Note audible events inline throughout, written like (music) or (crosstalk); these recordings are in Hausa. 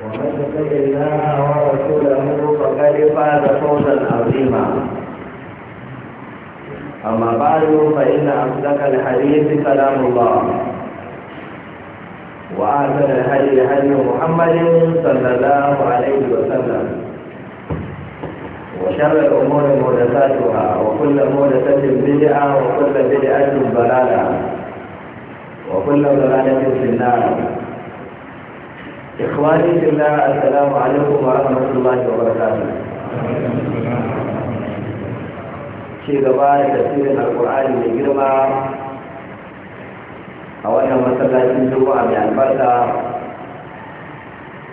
ومن يطع الله ورسوله فقد فاز فوزا عظيما اما بعد فان اصدق الحديث كلام الله واحسن الهدي هدي محمد صلى الله عليه وسلم وشر الأمور محدثاتها وكل محدثة بدعة وكل بدعة ضلالة وكل ضلالة في النار إخواني في الله السلام عليكم ورحمة الله وبركاته ci gaba كثير من القرآن mai أولا a wannan masallacin juma'a mai albarka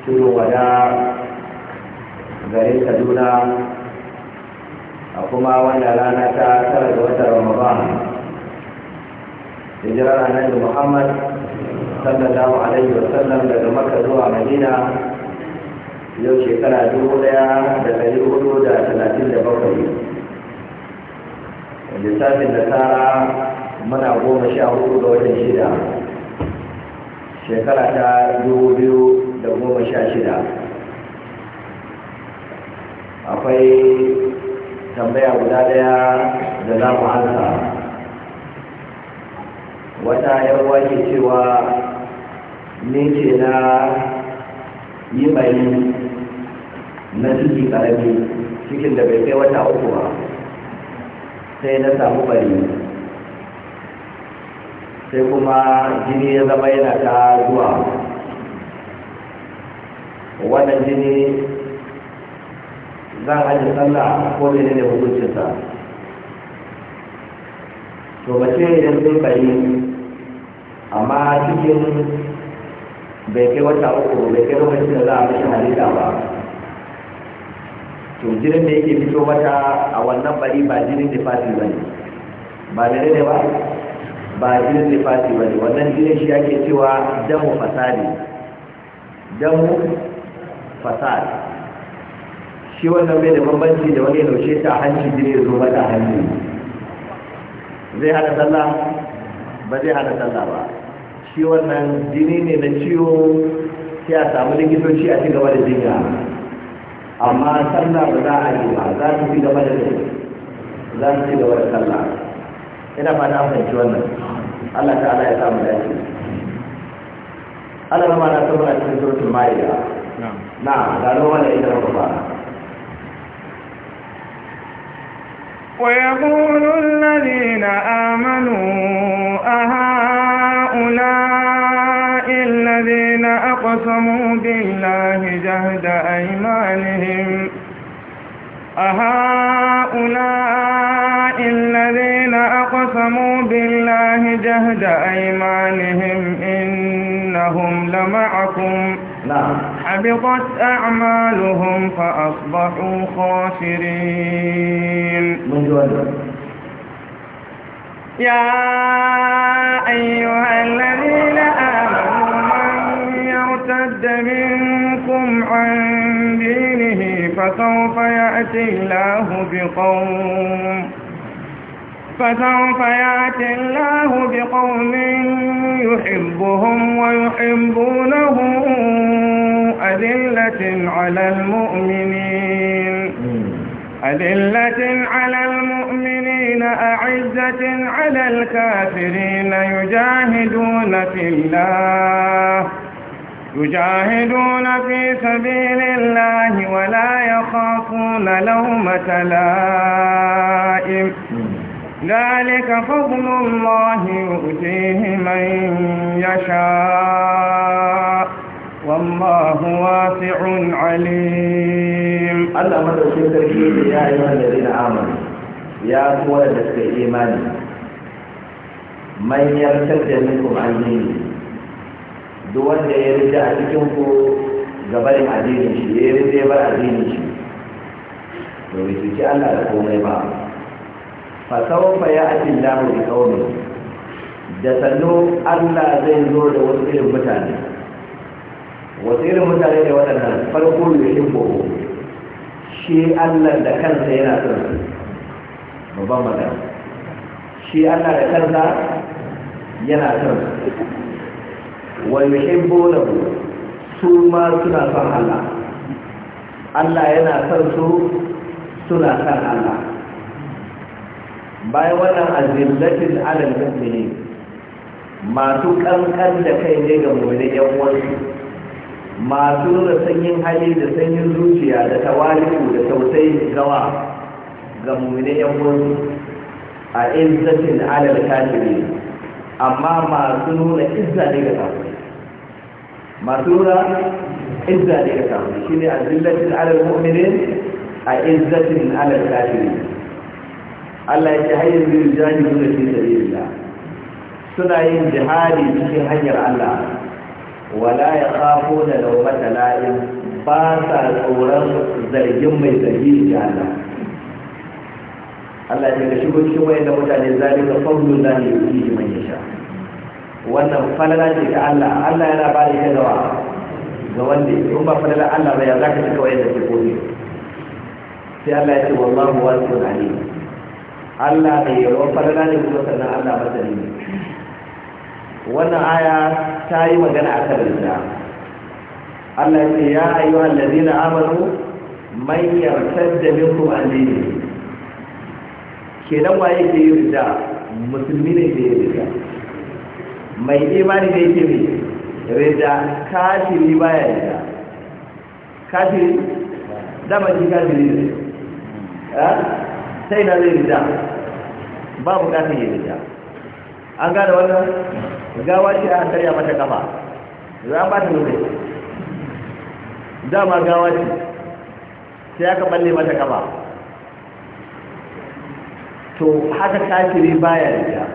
tudun wada garin kaduna a kuma wannan rana ta tara da wata ramadan hijirar da muhammad sallallahu alaihi wa sallam daga makka zuwa madina yau shekara dubu daya da dari hudu da talatin da bakwai lissafin da tara muna goma sha hudu ga watan shida shekara ta dubu biyu da goma sha shida akwai tambaya guda daya da za mu hanta wata yarwa ke cewa ne ce na yi bari na ciki karami cikin da bai kai wata uku ba sai na samu bari sai kuma jini ya zama yana ta zuwa wannan jini zan ajiye sallah ko mene ne hukuncinsa to ba ce yin sun kayi amma cikin bai kai wata uku bai kai lokacin da za a mashi halitta ba to jirin da yake fito mata a wannan bari ba jirin da fati ba ne ba mene ne ba ba jirin da fati ba ne wannan jirin shi ake cewa damu fasadi damu fasadi shi wannan bai da bambanci da wani laushe ta hanci jini ya zo mata hanci zai hana sallah ba zai hana sallah ba shi wannan jini ne na ciwo sai a samu likitoci a ci gaba da jinya amma sallah ba za a yi ba za su ci gaba da za su ci gaba da sallah ina ba na fahimci wannan Allah ta'ala ya samu dace Allah ma na tabbata cikin suratul maida na ga ruwa da ita ba ويقول الذين آمنوا أهؤلاء الذين أقسموا بالله جهد أيمانهم أهؤلاء الذين أقسموا بالله جهد أيمانهم إنهم لمعكم نعم حبطت أعمالهم فأصبحوا خاسرين يا أيها الذين آمنوا من يرتد منكم عن دينه فسوف يأتي الله بقوم فسوف يأتي الله بقوم يحبهم ويحبونه أذلة على المؤمنين أذلة على المؤمنين أعزة على الكافرين يجاهدون في الله يجاهدون في سبيل الله ولا يخافون لومة لائم ذلك فضل الله يؤتيه من يشاء والله واسع عليم الله مدرسين تركيه يا إيمان الذين آمنوا يا قوة لك إيماني من يرتد منكم عن دوان دي يرجع لكمكو gabarin addinin يرجع ya yi zai bar addinin shi domin su ci da komai ba fa ya da da sannu Allah zai zo da wasu irin mutane wasu irin mutane ne waɗannan farko da shi boko shi allah da kansa yana son su babban magana shi allah da kansa yana son su wa yuhibbu lahu su ma suna son allah allah yana son su suna son allah bayan wannan azillatin alal mu'minin masu kankan da kai ne ga mu'minin yan uwansu masu nuna sanyin hali da sanyin zuciya da tawali'u da tausayi gawa ga mummune yan wani a izzatin alal kafiri amma masu nuna izza ne ga kafiri masu nuna izza ne ga kafiri shine azillatin alal mummune a izzatin alal kafiri Allah ya ce hayyar bin jahilun da fi sabilillah suna yin jihadi cikin hanyar Allah wala ya kafo da laumata la'in ba sa tsoron zargin mai zargi da Allah Allah ya ka shigo cikin wayan da mutane ga fadlu da ne yi yi mai yasha wannan falala ce ta Allah Allah yana ba da ita gawa ga wanda ya ba falala Allah ba ya zaka cika wayan da ke koyi sai Allah ya ce wallahu wasi'un alim Allah mai yawan falala ne kuma sannan Allah masani ne wannan aya ta yi magana a kan rida Allah ya ce ya ayyu allazina amanu man yartadda minkum an dini kenan waye ke yi rida musulmi ne ke yi rida mai imani ne ke yi rida kafiri baya rida kafiri dama ji kafiri ne eh? sai na zai rida ba bukatar yi rida an gane wannan gawa ce a karya mata kafa za ba ta nufai dama gawa ce sai aka balle mata kafa to haka kafiri baya rida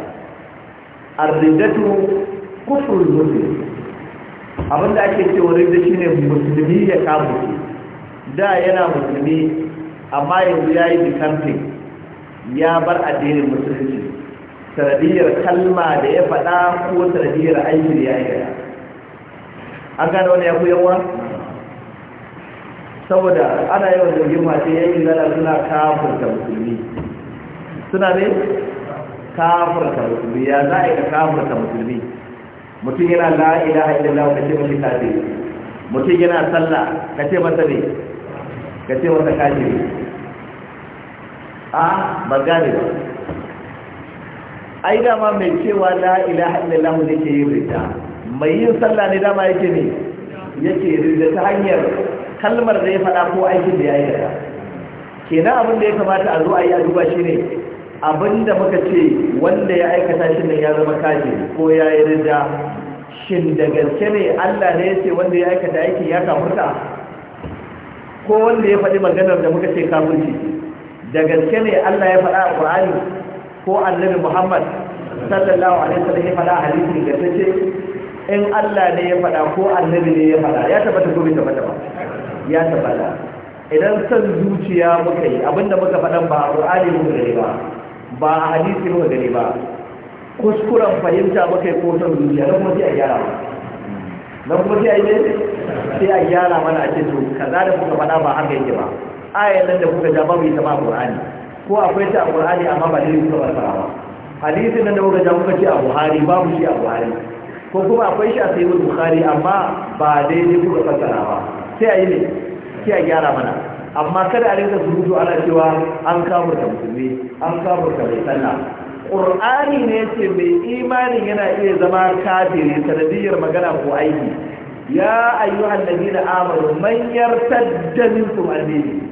arridatu kufrul muslim abinda ake da shi ne musulmi ya ce. da yana musulmi amma yanzu ya yi dikantin ya bar addinin musulunci sanadiyar kalma da ya faɗa ko sanadiyar aiki da ya yi an gane wani ya kuyawa saboda ana yawan jirgin mace yankin zana suna kafurta musulmi suna ne kafurta musulmi ya za a yi ka kafurta musulmi mutum yana la'ila haɗin ka ce mashi kafin mutum yana sallah ka ce masa ne ka ce masa ne. a ba gane ba ai dama mai cewa la ilaha illallah ne ke yin rida mai yin sallah ne dama yake ne yake rida ta hanyar kalmar da ya faɗa ko aikin da ya yi da kenan abin da ya kamata a zo a yi a duba shi ne abin da muka ce wanda ya aikata shi ne ya zama kaji ko ya yi rida shin da gaske ne allah ne ya ce wanda ya aikata aikin ya kafurta ko wanda ya faɗi maganar da muka ce kafurci da gaske ne allah ya faɗa a ƙwa'ani ko annabi muhammad sallallahu alaihi wasallam ya faɗa hadisi da tace in Allah ne ya faɗa ko annabi ne ya faɗa ya tabbata ko bai tabbata ba ya tabbata idan san zuciya muka yi abinda muka faɗan ba a ne muka gani ba ba a hadisi muka gani ba kuskuren fahimta muka yi ko san zuciya na kuma sai a gyara ba na kuma sai a yi sai a gyara mana a ce to kaza da kuka fada ba haka yake ba ayan da kuka ja ba bai ta ba ko akwai ta a Qur'ani amma ba dai suka ba ba hadisin nan da muka ja muka ce a Buhari babu shi a Buhari ko kuma akwai shi a Sahih Bukhari amma ba dai dai suka fassara ba sai a yi ne sai a gyara mana amma kada a rinka surutu ana cewa an kama da musulmi an kama da mai sallah Qur'ani ne ce mai imanin yana iya zama kafiri sanadiyar magana ko aiki ya ayyuhan ladina amanu man yartadda minkum al-dini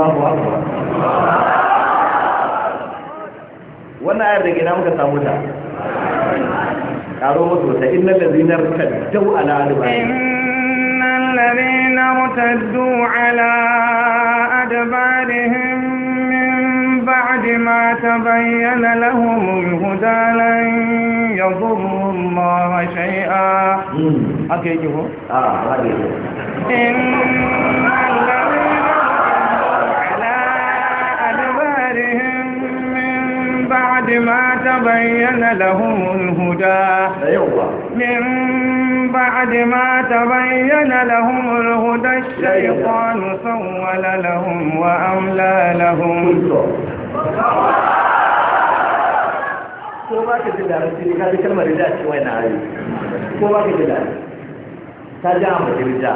Allahu Akbar wannan ayar da gina muka samu ta karo ta innal ladina irtaddu ala adbarihim innal ladina ala min ba'di ma tabayyana lahum al-huda lan Allah shay'a hmm. ko a ah, haka yake innal بعد ما تبين لهم الهدى من بعد ما تبين لهم الهدى الشيطان سول لهم وأملى لهم ko ba ka ji larabci ne ka ji kalmar rida ce wai na hari ko ba ka ji larabci ta ji amma rida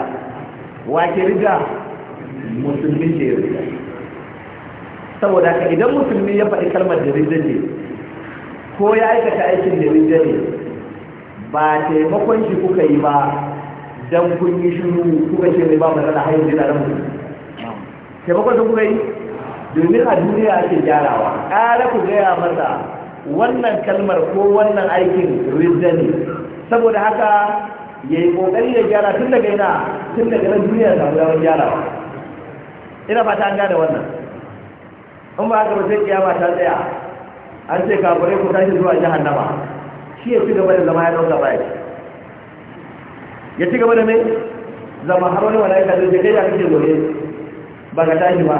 wa ke rida musulmi ke rida saboda ka idan musulmi ya faɗi kalmar da rinjaye ko ya aikata aikin da rinjaye ba taimakon shi kuka yi ba don kun yi shiru kuka ce mai ba matsala har yanzu da musulmi taimakon sun kuka yi domin a duniya ake gyarawa ƙara ku gaya masa wannan kalmar ko wannan aikin rinjaye saboda haka ya yi ƙoƙari ya gyara tun daga ina tun daga nan duniya samu damar gyarawa ina fata an gane wannan in ba haka ba sai kiyama ta tsaya an ce kafirai ku tashi zuwa jahannama shi ya ci gaba da zama ya dauka bai ya ci gaba da mai zama har wani wani zai ce kai ya kake goye ba ka tashi ba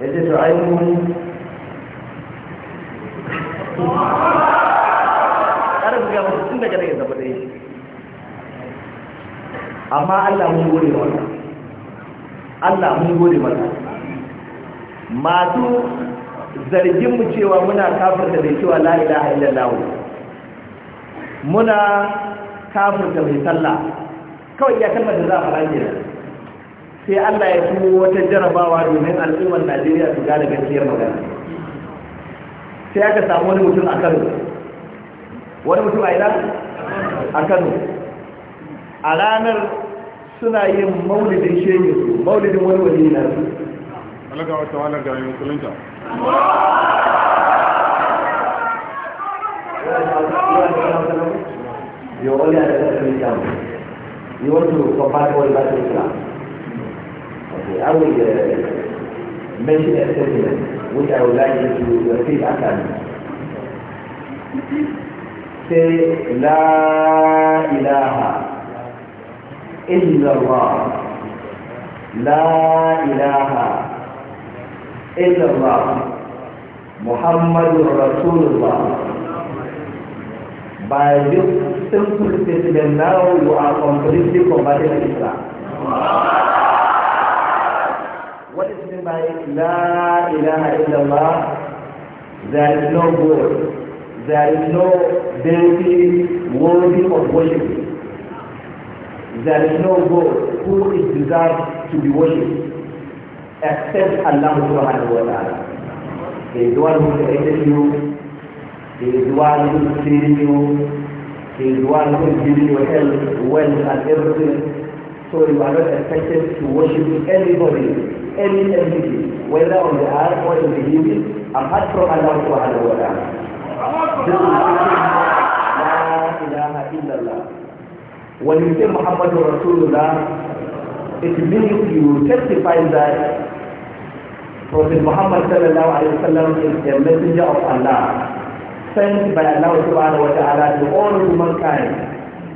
ya ce to ayi mu (laughs) ƙarfi ya mutu tun daga daga zaba da amma Allah mun gode mata Allah mun gode mata masu zargin mu cewa muna kafirta da cewa la ilaha illallah muna da mai sallah kawai ya kalmar da za a fara sai Allah ya tuwo wata jarabawa domin al'ummar Najeriya su gane gaskiyar magana sai aka samu wani mutum a Kano wani mutum a ina a Kano a ranar suna yin maulidin shehu maulidin wani wani na su alaga wata wala ga yi musulunta you only You want to compatible with Islam. Okay, I will mention a statement which I would like you to repeat after me. Say, La ilaha illallah. La ilaha إلا الله محمد رسول الله by this simple statement now you are completely to Islam. What is meant by La ilaha illallah? There is no God. There is no deity worthy of worship. There is no God who is deserved to be worshipped. Accept Allah subhanahu wa ta'ala. He is the one who created you, He is the one who is feeding you, He is the one who is giving you health, wealth and everything. So you are not expected to worship anybody, any entity, whether on the earth or in the heaven, apart from Allah subhanahu wa ta'ala. This is La ilaha illallah when you say Muhammad Rasulullah, it means you testify that Prophet Muhammad sallallahu alayhi wa sallam is the messenger of Allah, sent by Allah subhanahu wa ta'ala to all humankind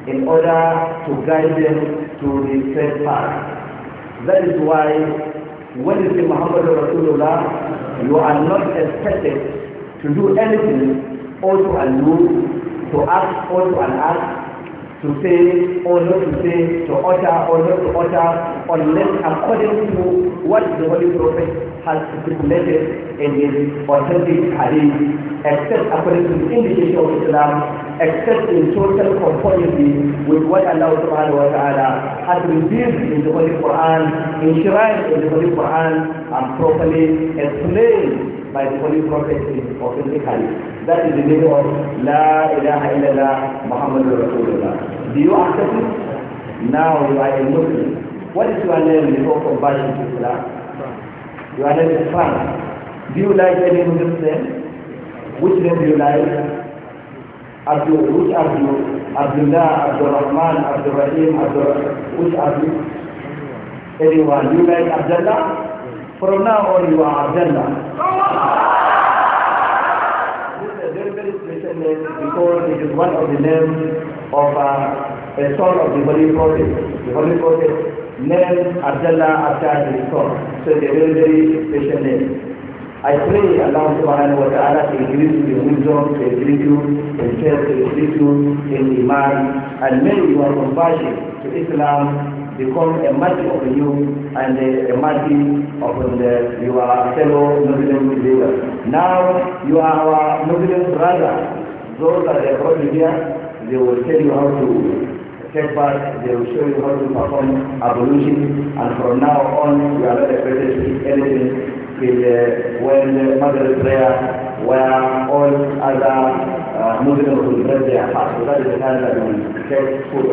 in order to guide them to the same path. That is why when you see Muhammad Rasulullah, you are not expected to do anything or to allude, to ask or to unact to say or oh, not to say, to utter or oh, not to utter, unless according to what the Holy Prophet has stipulated in his authentic hadith, except according to the indication of Islam, except in total conformity with what Allah subhanahu wa ta'ala has revealed in the Holy Quran, enshrined in the Holy Quran, and properly explained by the Holy Prophet authentically. That is the name of La ilaha illallah Muhammadur Rasulullah. Do you accept it? Now you are a Muslim. What is your name before conversion to Islam? Your name is Frank. Do you like any Muslim name? Which name do you like? Abdul, which Abdul? Abdullah, Abdul Rahman, Abdul Rahim, Abdul, which Abdul? Anyone, you like Abdullah? From now on you are Abdullah. called, it is one of the names of uh, a son of the Holy Prophet. The Holy Prophet named Abdullah after his son. So it's a very, very special name. I pray Allah subhanahu wa ta'ala to increase your wisdom, to increase you in faith, to increase you in iman, and may you are conversion to Islam become a match of you and a, a match of uh, the, your fellow Muslim believers. Now you are our Muslim brother. Those that are from here, they will tell you how to step back, they will show you how to perform ablution, and from now on, you are not expected to do anything till uh, when the Maghrib prayer, where all other مدن البلد حق ذلك هذا من كيف food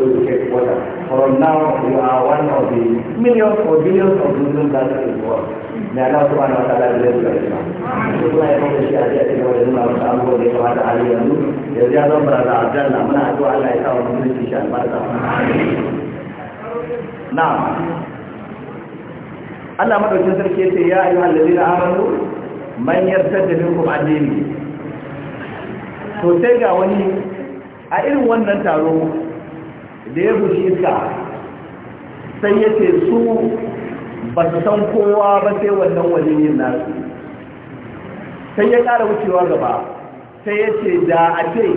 from now you are one of the millions or billions of Muslims that are in the world may Allah subhanahu wa ta'ala bless you Islam to kuma ya kuma shi a jiya cikin wajen nuna wasu abubuwan da ya kamata a yi yanzu ya zama baraza a janna muna addu'a Allah ya sa wa musulunci shi albarka Allah madaukin sarki yace ya ayyuhal ladina amanu man yartadda minkum an to sai ga wani a irin wannan taro da ya bushe ka sai ya ce su ba su san kowa ba sai wannan yin nasu sai ya kara wucewa gaba sai ya ce da a ce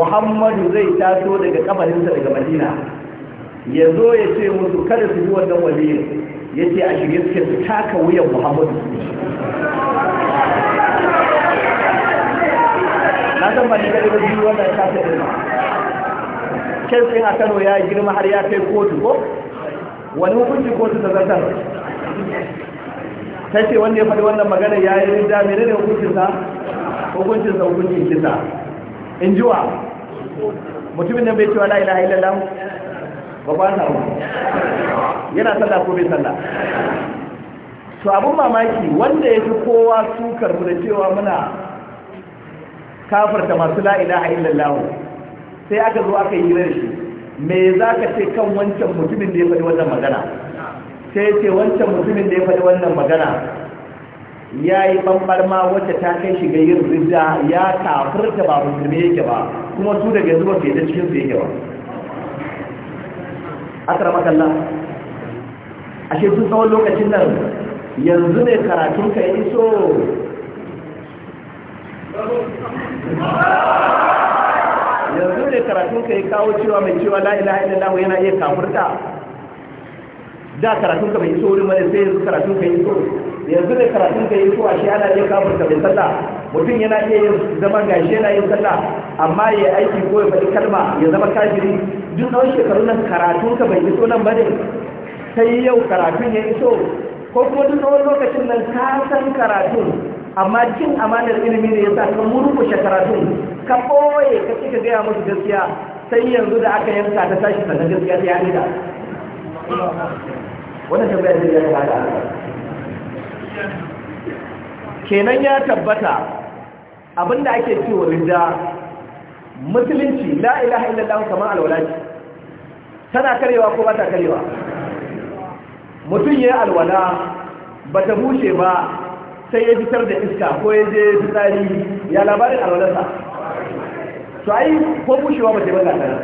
muhammadu zai taso daga kafarinsa daga madina ya zo ya ce musu kada su yi wannan wajen ya ce a shirye suke su taka wuyan muhammadu na san ba ni kaɗai ba biyu wanda ya tafi ɗin kyan tsin a kano ya girma har ya kai kotu ko wani hukunci kotu ta zartar ta ce wanda ya faɗi wannan magana ya yi rinda mene ne hukuncinsa hukuncinsa hukuncin kisa in ji wa mutumin nan bai cewa la ilaha illallah ba ba ta yana sallah ko bai sallah to abun mamaki wanda ya fi kowa sukar mu da cewa muna kafarta masu la ilaha illallah sai aka zo aka yi rashi me za ka ce kan wancan mutumin da ya faɗi wannan magana sai ce wancan mutumin da ya faɗi wannan magana ya yi ma wacce ta kai shiga yin rida ya kafirta ba musulmi yake ba kuma su daga yanzu ba su cikin su yake ba akara makalla ashe tun tsawon lokacin nan yanzu ne karatunka ya iso yanzu ne karatun ka ya kawo cewa mai cewa la ilaha illallah yana iya kafurta da karatun ka bai iso wurin bane sai yanzu karatun ka yi so. yanzu ne karatun ka yi a shi ana iya kafurta mai sallah mutum yana iya yin zaman gashi yana yin sallah amma ya aiki ko ya faɗi kalma ya zama kafiri duk tsawon shekaru nan karatun ka bai iso nan bane sai yau karatun ya iso ko kuma duk tsawon lokacin nan ka san karatun amma cin amanar ilimi ne sa ka murku shakaratun ka ɓoye ka ci ka gaya musu gaskiya sai yanzu da aka yanka ta tashi sannan gaskiya ta yi da wannan tambaya ce ya kada kenan ya tabbata abinda ake cewa rinda musulunci la ilaha illallah kama alwala ce tana karewa ko ba ta karewa mutum ya alwala ba ta bushe ba sai ya fitar da iska ko ya je fitsari ya labarin su to ai ko bushewa ba ta yi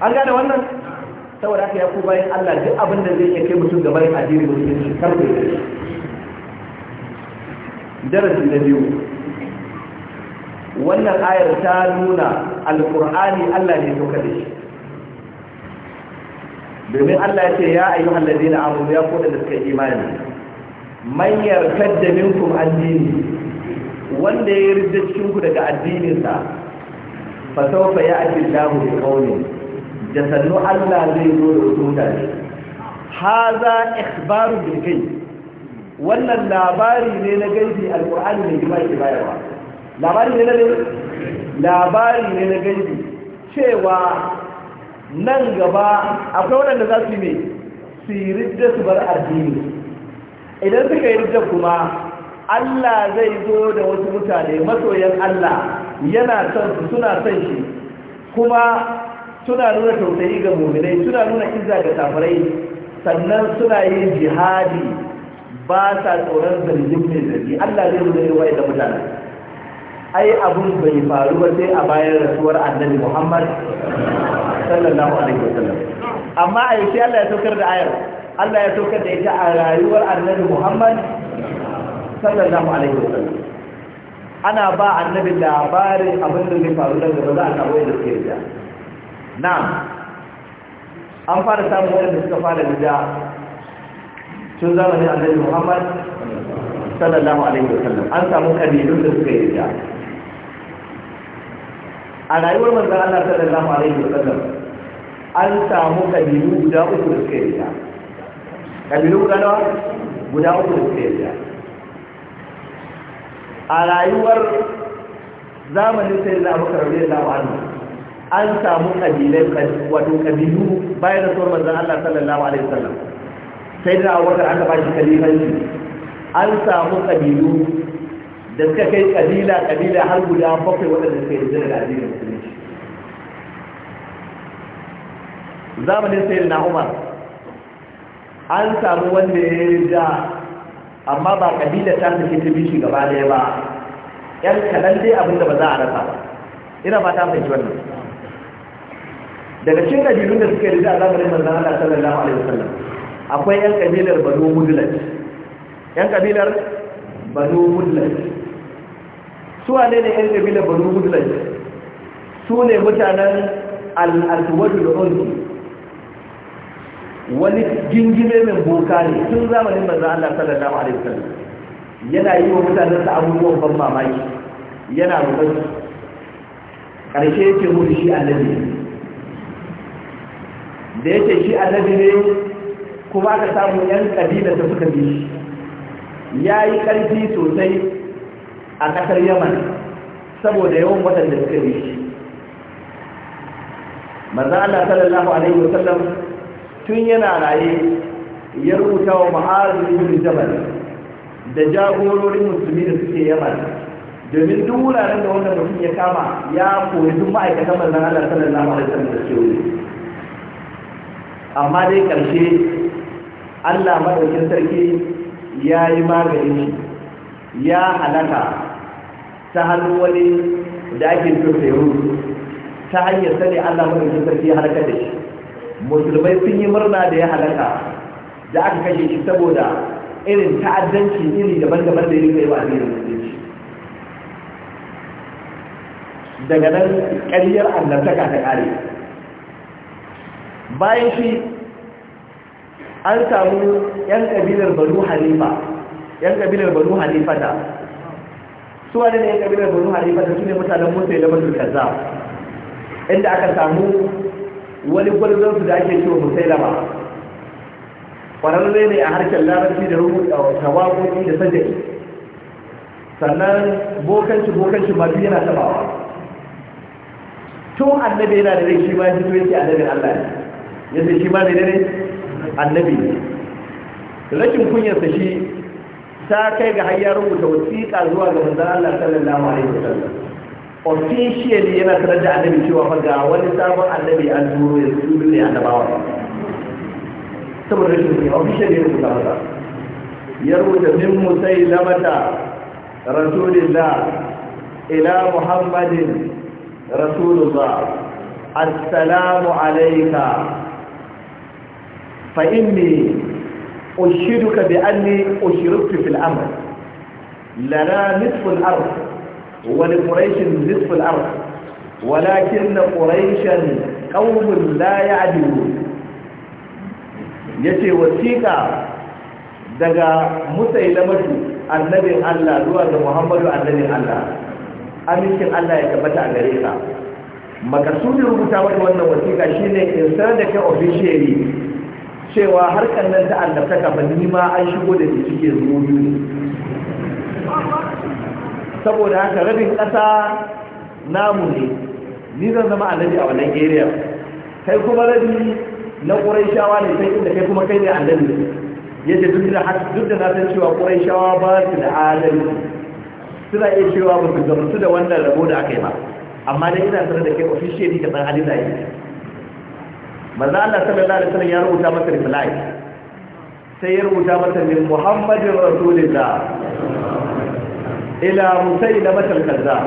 an gane wannan saboda aka yaku bayan Allah duk abin da zai iya mutum gaban addini musulunci karfe da shi darasi na biyu wannan ayar ta nuna alkur'ani Allah ne doka da shi domin Allah ya ce ya ayyuhan ladina abu, ya kodin da suka imani man yarkadda minkum addini wanda ya yarda cikin ku daga addininsa fa sawfa ya'ti Allahu bi qawlin da sannu Allah zai zo da wasu mutane haza ikhbaru bil kai wannan labari ne na gaibi alqur'ani ne kuma yake bayarwa labari ne na labari ne na gaibi cewa nan gaba akwai wanda za su yi mai su yi su bar addini idan suka yi da kuma Allah zai zo da wasu mutane masoyan Allah yana son su suna son shi kuma suna nuna tausayi ga muminai suna nuna izza ga safarai sannan suna yin jihadi ba sa tsoron zargin mai zargi Allah zai zo da yawa da mutane ai abun bai faru ba sai a bayan rasuwar annabi Muhammad sallallahu alaihi wasallam amma a sai Allah ya saukar da ayar Allah ya saukar da ita a rayuwar annabi Muhammad sallallahu alaihi wasallam ana ba annabi labarin abin da zai faru da gaba za a samu da suke da na'am an fara samun wani da suka fara rija tun zamani annabi Muhammad sallallahu alaihi wasallam an samu kabilun da suka yi da a rayuwar manzon Allah sallallahu alaihi wasallam an samu kabilu guda uku da suka yi da ƙabilu guda nawa guda uku da suka yarda a rayuwar zamanin sai na abokan rabe da wa'anu an samu ƙabilai wato ƙabilu bayan da tsohon manzan Allah sallallahu alaihi sallam, sai da abokan aka ba shi kalifanci an samu ƙabilu da suka kai ƙabila ƙabila har guda bakwai waɗanda suka yi da addinin musulunci zamanin sai na na'umar. an samu wanda ya yi da amma ba kabila ta take ta bi shi gaba ɗaya ba yan kalan dai abin da ba za a rasa ba ina ba ta fahimci wannan daga cikin ƙabilun da suka yi da zamanin manzon Allah sallallahu alaihi wasallam akwai yan kabilar Banu Mudlaj yan kabilar Banu Mudlaj su wane ne yan kabilar Banu Mudlaj su ne mutanen al-Aswad al wani gingime mai boka ne tun zamanin manzon Allah sallallahu alaihi wasallam yana yi wa mutanen sa abubuwan ban mamaki yana rubar karshe yake mutu shi annabi da yake shi annabi ne kuma aka samu yan kabila ta suka bi shi ya yi ƙarfi sosai a ƙasar yaman saboda yawan da suka bi shi manzo Allah sallallahu alaihi wasallam tun yana raye ya rubuta wa ma'arar ibn jabal da jagororin musulmi da suke yaman domin duk wuraren da wannan mutum ya kama ya koyi duk ma'aikatan manzon Allah sallallahu alaihi wasallam da suke amma dai karshe Allah madaukin sarki ya yi maganin ya halaka ta hannu wani da ake ta hanyar sani Allah madaukin sarki ya halaka da shi musulmai sun yi murna da ya halaka da aka kashe shi saboda irin ta'addanci iri daban-daban da ya rika yi wa addinin musulunci daga nan ƙaryar annabtaka ta ƙare bayan shi an samu 'yan ƙabilar banu halifa 'yan ƙabilar banu halifa ta su wani ne 'yan ƙabilar banu halifa da su ne mutanen musulmai da kaza inda aka samu wani gwarzon su da ake cewa musailama kwararre ne a harkar larabci da rubuta tawakoki da sajjaki sannan bokanci bokanci ma yana tabawa tun annabi yana da rai shi ma shi yake annabi Allah ne yace shi ma ne ne annabi ne rashin kunyarsa shi ta kai ga har rubuta wasiƙa zuwa ga manzon Allah sallallahu alaihi wasallam officially yana sanar da annabi cewa fa ga wani sabon annabi an turo ya su ne annabawa saboda rashin kunya officially ya rubuta masa ya rubuta min musai lamata rasulillah ila muhammadin rasulullah assalamu alayka fa inni ushiduka bi anni ushiruktu fil amr lana nisfu al-ardh ولقريش نصف الأرض ولكن قريشا قوم لا يعدلون yace wasiƙa daga musailamatu annabin Allah zuwa ga Muhammadu annabin Allah amincin Allah ya tabbata a gare ka rubuta mata wannan wasiƙa shine in sanar da kai officially cewa harkar nan ta annabtaka ba ni ma an shigo da shi cikin saboda haka rabin ƙasa namu ne ni zan zama annabi a wannan area kai kuma rabi na ƙuraishawa ne sai inda kai kuma kai ne annabi yadda duk da duk da na san cewa ƙuraishawa ba su da adalci suna iya cewa ba su gamsu da wannan rabo da aka yi ba amma dai ina sanar da kai officially ka san halin da yake manzo Allah sallallahu alaihi wasallam ya rubuta masa reply sai ya rubuta masa min Muhammadin Rasulullah ila musailama al-kazzab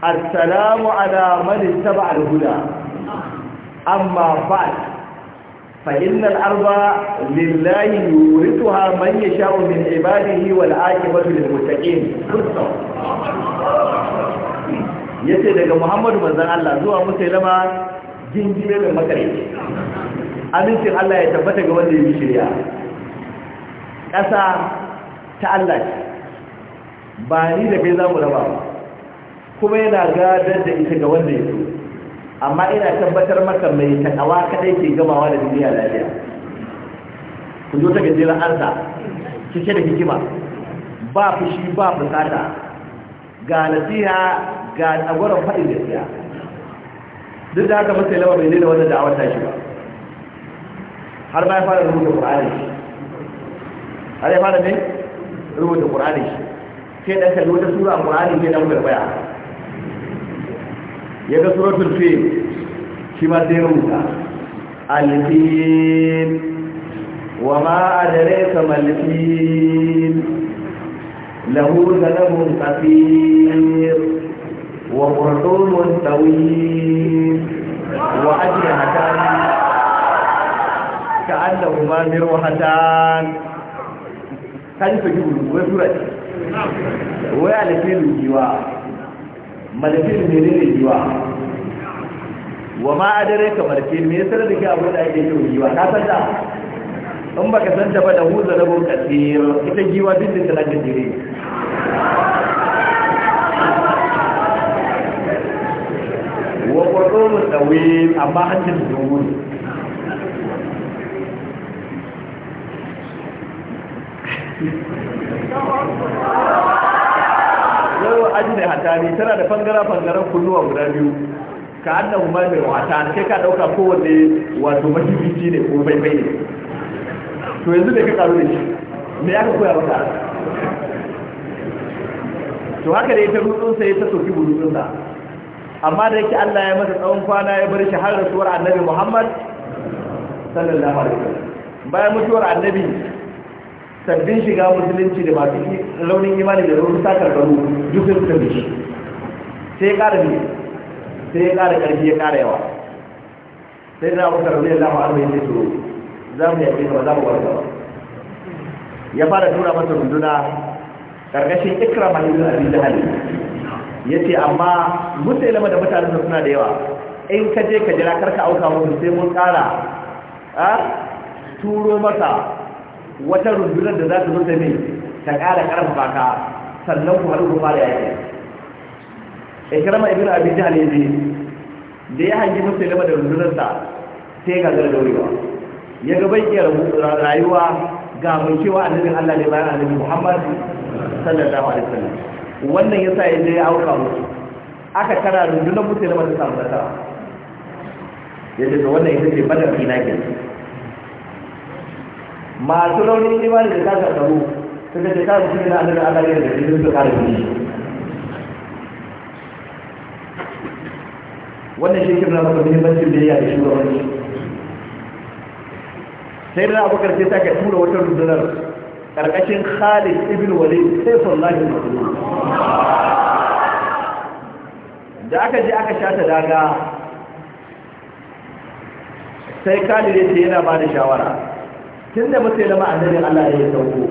assalamu ala man ittaba al-huda amma ba'd fa inna al-arba lillahi yurithuha man yasha'u min ibadihi wal 'aqibatu lil muttaqin yace daga Muhammadu manzon Allah zuwa musailama jinjime mai makare amincin Allah ya tabbata ga wanda ya shirya ƙasa ta Allah ce ba ni da kai za mu raba ba kuma yana gadar da ita ga wanda ya so amma ina tabbatar maka mai takawa kadai ke gamawa da duniya lafiya ku zo ta gajeren arsa cike da hikima ba fushi ba fusata ga nasiha ga tsagoron faɗin gaskiya duk da haka masai lama bai nuna wannan da'awar tashi ba har ba ya fara rubuta ƙur'ani har ya fara ne rubuta ƙur'ani shi sai dan kalli wata sura Qur'ani sai dan barbaya ya ga suratul fil shi ma sai rubuta al-fil wa ma adraka mal fil lahu zalabun qatir wa qurdumun tawil wa ajrihatan ka'annahu ma mirwahatan kan su gudu wai sura ce wai alifin jiwa malfilin ne ne jiwa wa ma adare ka malfilin me yasa da ke abu da ake yi jiwa ka san da in baka san ta ba da huza rabon kasir ita jiwa duk da ta jire wa qurrun amma Thank you. yau aji da hatari tana da fangara-fangaren kunnuwa guda biyu ka annan umarin wata sai ka dauka kowanne wato mashibici ne ko bai ne to yanzu da ka karu da shi me ya ka koya maka to haka da ita rutsun sai ta soki bulutsun sa amma da yake Allah ya masa tsawon kwana ya bar shi har rasuwar annabi Muhammad sallallahu alaihi wasallam bayan mutuwar annabi sabbin shiga musulunci da masu launin imani da ruru ta karkaru duk sun shi sai ya ƙara ne sai ya ƙara ƙarfi ya ƙara yawa sai na abu sarari ya ma arba yake to za mu yaƙi kama za mu warka ba ya fara tura masa runduna ƙarƙashin abin da hali ya ce amma ilama da mutanen suna da yawa in ka je ka jira karka auka musu sai mun ƙara a ah, turo masa wata rundunar da za ta zo ta mai ta ƙara ƙarfafa ka sannan ku haɗu ku fara yaƙi ikrama ibn abin jihar yanzu da ya hangi musulma da rundunarsa sai ga zara daurewa ya ga iya rayuwa ga mai cewa annabin Allah ne bayan annabi Muhammad sallallahu alaihi wasallam wannan yasa ya je ya auka musu aka tara rundunar musu musulma da samun nasara yadda wannan ita ce badar ina kenan masu launin imani da kasa tsaro suka ce kasa shi na annabi Allah ya da shi su kare shi wannan shi kirna maka muhimmancin da ya yi da shugabanci sai na abubakar sai ta ke tura wata rundunar ƙarƙashin Khalid ibn Walid sai sallahi masulun da aka je aka shata daga sai Khalid ya yana ba da shawara tun da musulma annabin Allah ya yi sauko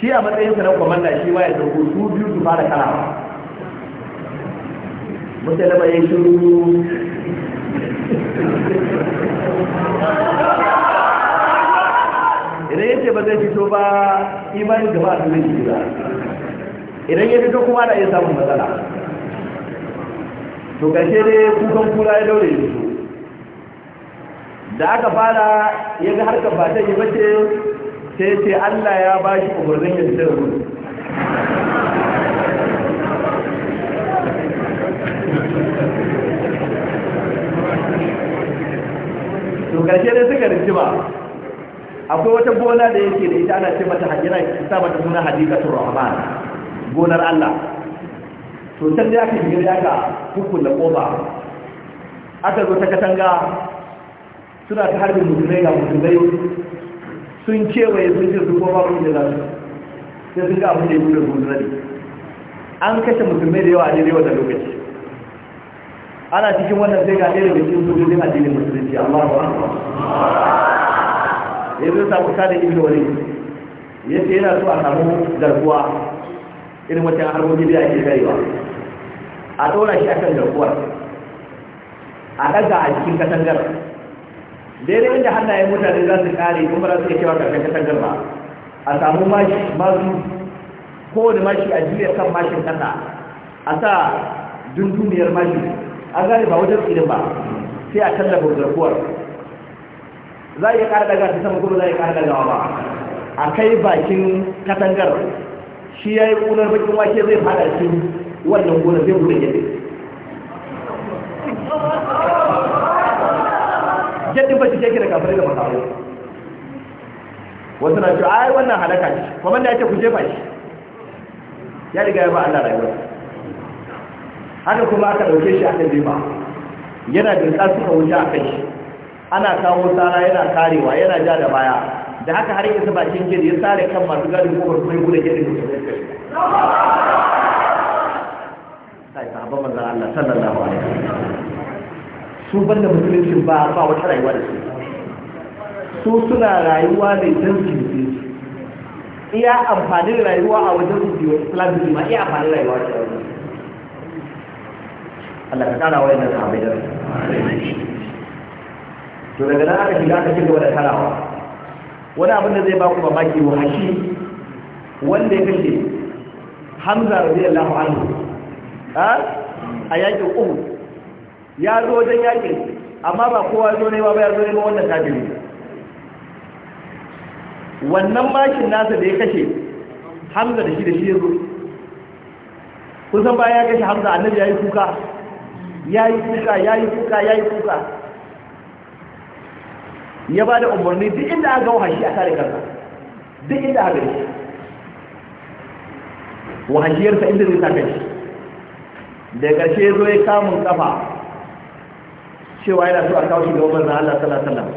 shi a matsayinsa na kwamanda shi ma ya sauko su biyu su fara karawa musulma ya shuru idan ya ce ba zai fito ba imanin gaba a zai fito ba idan ya fito kuma da iya samun matsala to ƙarshe dai kukan kura ya daure ya fito da aka fara ya ga harkar ba ta yi bace sai ce Allah ya ba shi umarnin ya ta da gudu to karshe dai suka rinci ba akwai wata gona da yake da ita ana ce mata hajjira ta mata suna hadikatul rahman gonar Allah to sai da aka shiga da aka hukun da koma aka zo ta katanga suna ta harbin musulmai ga musulmai sun kewaye sun ce su koma kun da su, sai sun ga abin da ya buɗe musulmai an kashe musulmai da yawa a daidai wannan lokaci ana cikin wannan sai ga ɗaya daga cikin sojojin addinin musulunci Allah ba ya zo samu sanin ibn wali ya ce yana so a samu garkuwa irin a harkoki da ake kaiwa a ɗora shi a kan garkuwar a ɗaga a cikin katangar daidai inda hannayen mutane za su kare kuma za su iya cewa karkashin kasar ba a samu mashi masu kowane mashi a jiya kan mashin kasa a sa dundumiyar mashi an gane ba wajen tsirin ba sai a tallafa garkuwar za a iya ƙara daga ta sama kuma za a iya ƙara daga ba a kai bakin katangar shi ya yi ƙunar bakin wake zai fada shi wannan gona, zai buɗe gefe jaddin ba shi ke da kafirai da masarai wasu na ce ai wannan halaka ce kuma da yake ku jefa shi ya riga ya ba Allah rayuwa haka kuma aka dauke shi aka jefa yana dinka suka wuce a kai ana kawo tsara yana karewa yana ja da baya da haka har isa bakin gidi ya tsare kan masu gadin kofar kuma ya gudu ke da sai sahabban manzan Allah sallallahu alaihi wasallam su da musulunci ba ba wata rayuwa da su su suna rayuwa da idan su yi iya amfanin rayuwa a wajen su biyu ma iya amfanin rayuwa ta yau Allah ka kara wayan nan sahabai da to daga nan aka shiga aka shiga da karawa wani abin da zai ba ku mamaki wa hashi wanda ya kashe hamza radiyallahu anhu a yakin uhud ya zo wajen yakin amma ba kowa zo ne ba ya zo ne ba wannan tajiri wannan makin nasa da ya kashe hamza da shi da shi ya zo kun san bayan ya kashe hamza annabi ya yi kuka ya yi kuka ya yi kuka ya yi kuka ya ba da umarni duk inda aka wahashi a kare kansa duk inda aka yi wahashiyarsa inda zai sa kai da ƙarshe zo ya kamun kafa cewa yana so a kawo shi gaban manzan Allah sallallahu alaihi wasallam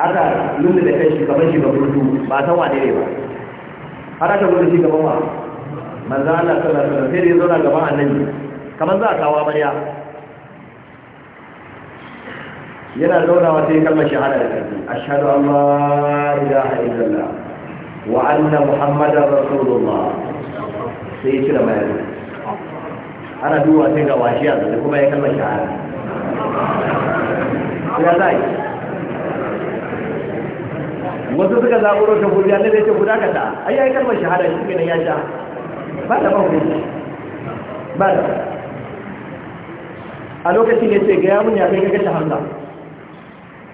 aka nuna da kai shugaban shugaban rudu ba san wane ne ba har aka shi shugaban wa manzan Allah sallallahu alaihi wasallam sai dai zauna gaban annabi kamar za a kawo amarya yana wata sai kalmar shahada da kai ashhadu an la ilaha illallah wa anna muhammadar rasulullah sai ya cire mayar ana duwa sai ga washi a zai kuma ya kalmar shahara. ya zai wasu suka zaɓuro ta guriya na ya ce guda ka ta ai ya yi kalmar shahara shi ne ya sha ba da ban hukunci ba da a lokacin ya ce gaya mun ya kai kaga shahada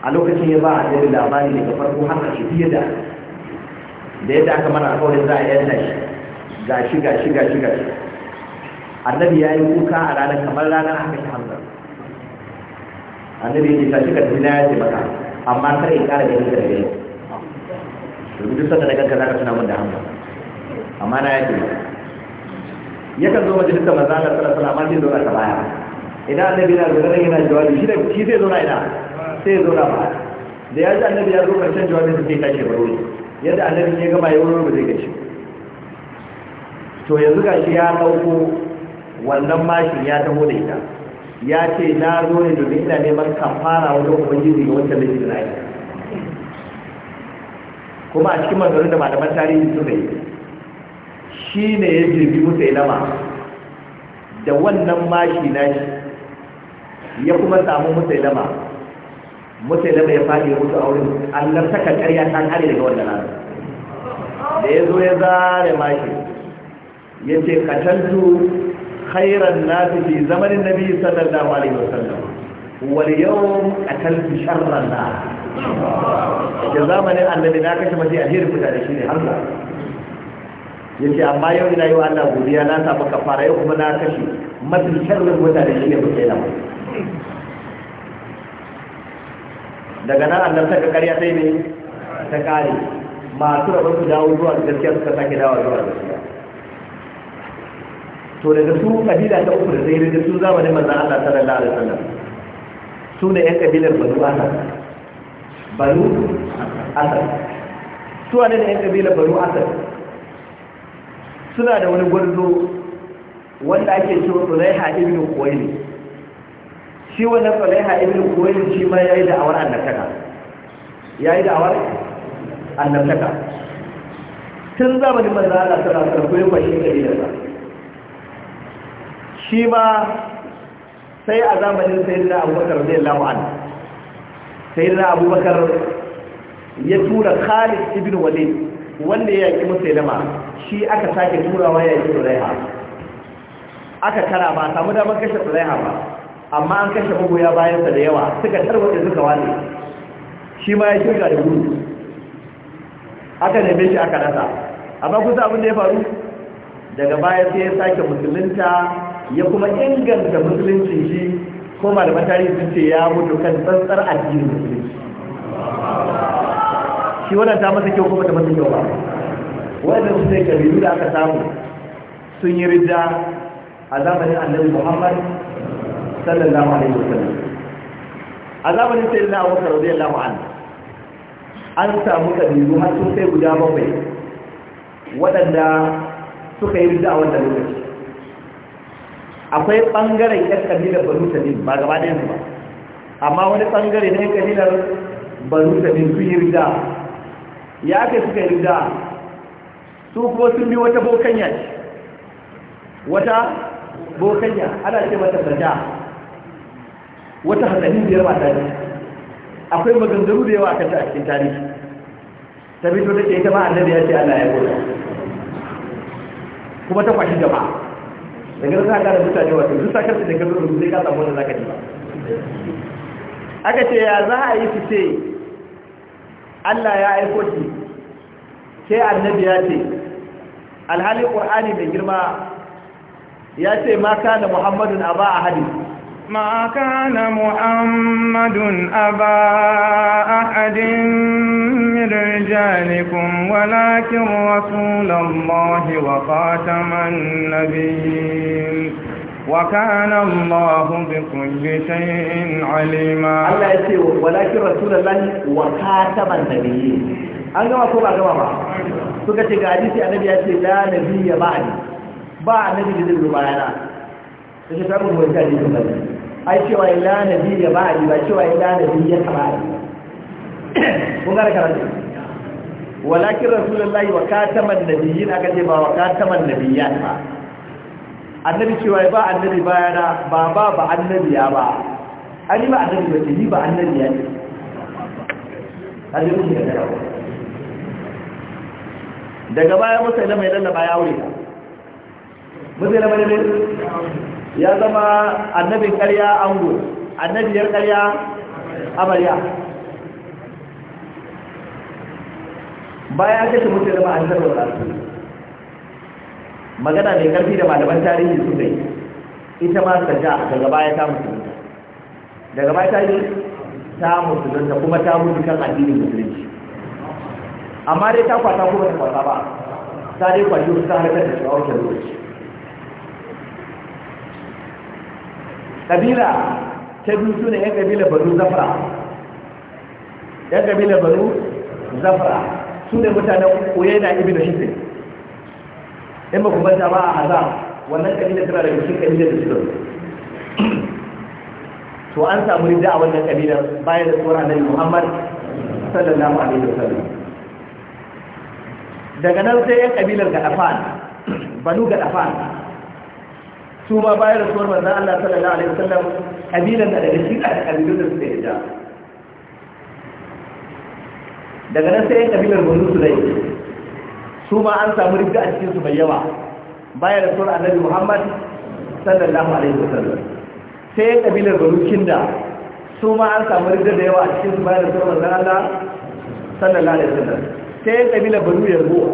a lokacin ya ba a jari labari daga farko har a shi da da yadda aka mana a kawai za a yanta shi ga shi ga shi. annabi ya yi kuka a ranar kamar ranar haka ta hamza annabi ya ce tashi ka na ya ce maka amma kar in kara ganin ka da yau domin duk sanda na ganka za ka tuna min da hamza amma na ya ce yakan zo majalisar maza Allah sallallahu alaihi amma zai zo ta baya idan annabi na zo nan yana jawabi shi da shi zai zo na ina sai zo na ba da ya ji annabi ya zo karshen jawabin sai tashi baro yadda annabi ya gama ya wuri ba zai gaci to yanzu shi ya dauko wannan mashin ya taho da ita ya ce na zo ne domin ina neman kafara wani ubangiji ga wancan da jina yi kuma a cikin manzarin da malaman tarihi suka yi shi ne ya jirgi musa ya ilama da wannan mashi na shi ya kuma samu musa ya ilama musa ya ilama ya faɗi ya mutu auren annar ta karya ta kare daga wannan rana da ya zo ya zare mashi ya ce ka katantu khairan nasi fi zamanin nabi sallallahu alaihi wasallam wal yawm akaltu sharran nas ya zamanin annabi na kashe mace alheri mutane shine Allah yace amma yau ina yi wa Allah godiya na samu kafara yau kuma na kashe mafi sharrin mutane ne mutane na daga nan Allah ta karya sai ne ta kare masu rabon su dawo zuwa gaskiya suka sake dawo zuwa gaskiya to daga su kabila ta uku da zai daga su zamanin manzan Allah sallallahu alaihi wasallam su ne yan kabilar banu asad banu asad su ne yan kabilar banu asad suna da wani gwarzo wanda ake cewa Tsulaiha ibn Kuwaili shi wannan Tsulaiha ibn Kuwaili shi ma yayi da awar annabtaka yayi da awar annabtaka tun zamanin manzan Allah sallallahu alaihi wasallam ko yayin shi kabilarsa shi ma sai a zamanin sayyidina abubakar zai lawan sayyidina abubakar ya tura khalid ibn walid wanda ya yaki musailama shi aka sake turawa ya yaki zuraiha aka kara ba samu damar kashe zuraiha ba amma an kashe magoya bayansa da yawa suka tarwata suka wani. shi ma ya shirga da gudu aka neme shi aka rasa amma kusa abin da ya faru daga baya sai ya sake musulunta ya kuma inganta musulunci shi ko da matari sun ce ya mutu kan tsantsar addinin musulunci shi wannan ta masa kyau kuma ta masa kyau ba wannan su ne kabilu da aka samu sun yi rida a zamanin annabi muhammad sallallahu alaihi wasallam a zamanin sai na abubakar radiyallahu anhu an samu kabilu har sun sai guda bakwai waɗanda suka yi rida a wannan lokaci akwai ɓangaren yan kabilar banu tamim ba gaba da yanzu ba amma wani ɓangare na yan kabilar banu tamim sun yi rida ya kai suka yi rida su kuwa sun bi wata bokanya ce wata bokanya ana ce mata bada wata hatsarin biyar ba ne akwai maganganu da yawa a kanta a cikin tarihi ta fito da ke ita ma annabi ya ce ana ya gode kuma ta kwashi jama'a daga za a da mutane wato duk sakar da ka zo da zai ka wanda zaka ji aka ce ya za a yi su ce Allah ya aiko ki sai annabi ya ce alhali qur'ani mai girma ya ce Muhammadu a muhammadun a ahadin ما كان محمد أبا أحد من رجالكم ولكن رسول الله وخاتم النبيين وكان الله بكل شيء عليما الله يسير ولكن رسول الله وخاتم النبيين أنا ما أقول أجمع سكتي قاديسي النبي يسير لا نبي بعد بعد نبي جديد بيانا sai ta mu wani tare da bari ai cewa ila biyu ya ba ba cewa ila biyu ya taba kun ga karatu walakin layi wa kataman nabiyyin na ce ba wa kataman nabiyyan ba annabi cewa ba annabi bayana ba ba ba annabi ya ba yi ba annabi ba yi ba annabi ya ne hadin shi da daga baya ilama ya lallaba ya wuri musailama ne ya zama annabin karya ango annabiyar karya amarya bayan kashe mutu zama ma'a tarwa rasu magana mai karfi da malaman tarihi su kai ita ma ja daga baya ta musulunta daga baya ta yi ta musulunta kuma ta mutu kan addinin musulunci amma dai ta kwata kuma ta kwata ba ta dai kwaji su ta harkar da shawar da lokaci kabila ta biyu su ne 'yan kabila banu zafra yan kabila banu zafra su ne mutane koye na ibi da ba ku banta ba a hazam wannan kabila tana da bikin ƙabila da suka to an samu rida a wannan kabilar bayan da tsora na muhammad sallallahu alaihi sallam daga nan sai yan kabilar gadafan banu gadafan su ma bayan rasuwar manzan Allah sallallahu alaihi wasallam kabilan da daga cikin kabilun da suka yi da daga nan sai kabilar banu su dai su ma an samu rigga a cikinsu mai yawa bayan rasuwar annabi Muhammad sallallahu alaihi wasallam sai kabilar banu kinda su ma an samu rigga da yawa a cikinsu su bayan rasuwar manzan Allah sallallahu alaihi wasallam sai kabilar banu yarbo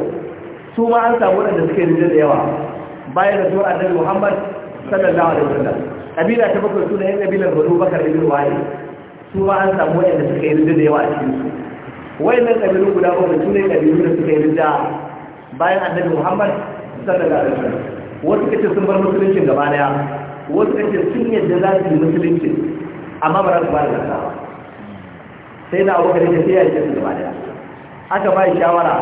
su ma an samu waɗanda suka rigga da yawa bayan rasuwar annabi Muhammad sallallahu alaihi wasallam kabila ta bakwai suna yan kabilar banu bakar ibn wali su ma an samu wayanda suka yi rinda da yawa a cikin su wayannan kabilu guda bakwai suna yan kabilu da suka yi rinda bayan annabi muhammad sallallahu alaihi wasallam wasu kace sun bar musuluncin gaba daya wasu kace sun yadda za su yi musulunci amma ba za su ba da ba. sai na abokan yake sai ya yi su gaba daya aka ba shawara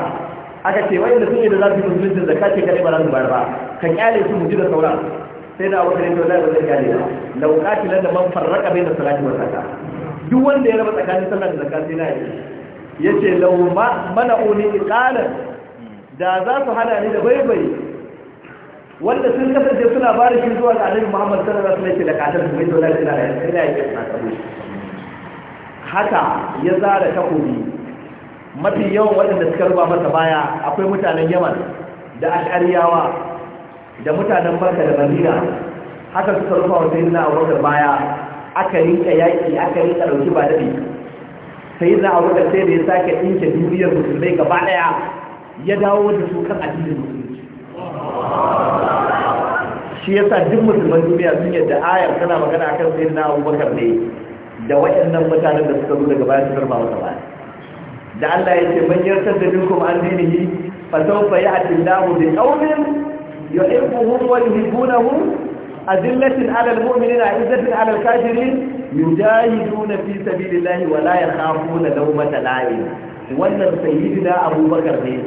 aka ce wayanda sun yadda za su yi musulunci zakka ce kare ba za su bayar ba ka kyale su mu ji da sauran sai da abu kare da ba zai gane ba lau katilan da man farraka bai da salati wa zakka duk wanda ya raba tsakanin sallah da zakka sai na yi yace lau ma mana'uni iqalan da za su hada ni da baibai wanda sun kasance suna ba da shi zuwa ga annabi Muhammad sallallahu alaihi wasallam da katar su mai dole sai na yi sai na yi haka ya zara takobi mafi yawan waɗanda suka ruba masa baya akwai mutanen Yaman da ashariyawa da mutanen barka da madina haka suka rufa wa na abokan baya aka rinka yaki aka rinka ɗauki ba Sai na abokan sai da ya sake dinke duniyar musulmai gaba daya ya dawo da su kan addinin musulunci shi yasa duk musulman duniya sun yadda ayar tana magana akan na abubakar ne da waɗannan mutanen da suka zo daga baya su karba wata baya da Allah ya ce man yartar da minkum an dinihi fa sawfa ya'ti Allahu da qaumin يحبهم ويحبونهم أذلة على المؤمنين عزة على الكافرين يجاهدون في سبيل الله ولا يخافون لومة لائم wannan sayyidina abubakar ne